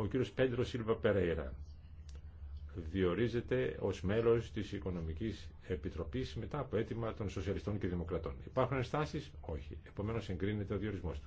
ο κύριος Πέντρο Σίλβα Περέιρα διορίζεται ως μέλος της Οικονομικής Επιτροπής μετά από αίτημα των Σοσιαλιστών και Δημοκρατών. Υπάρχουν ενστάσεις? Όχι. Επομένως εγκρίνεται ο διορισμός του.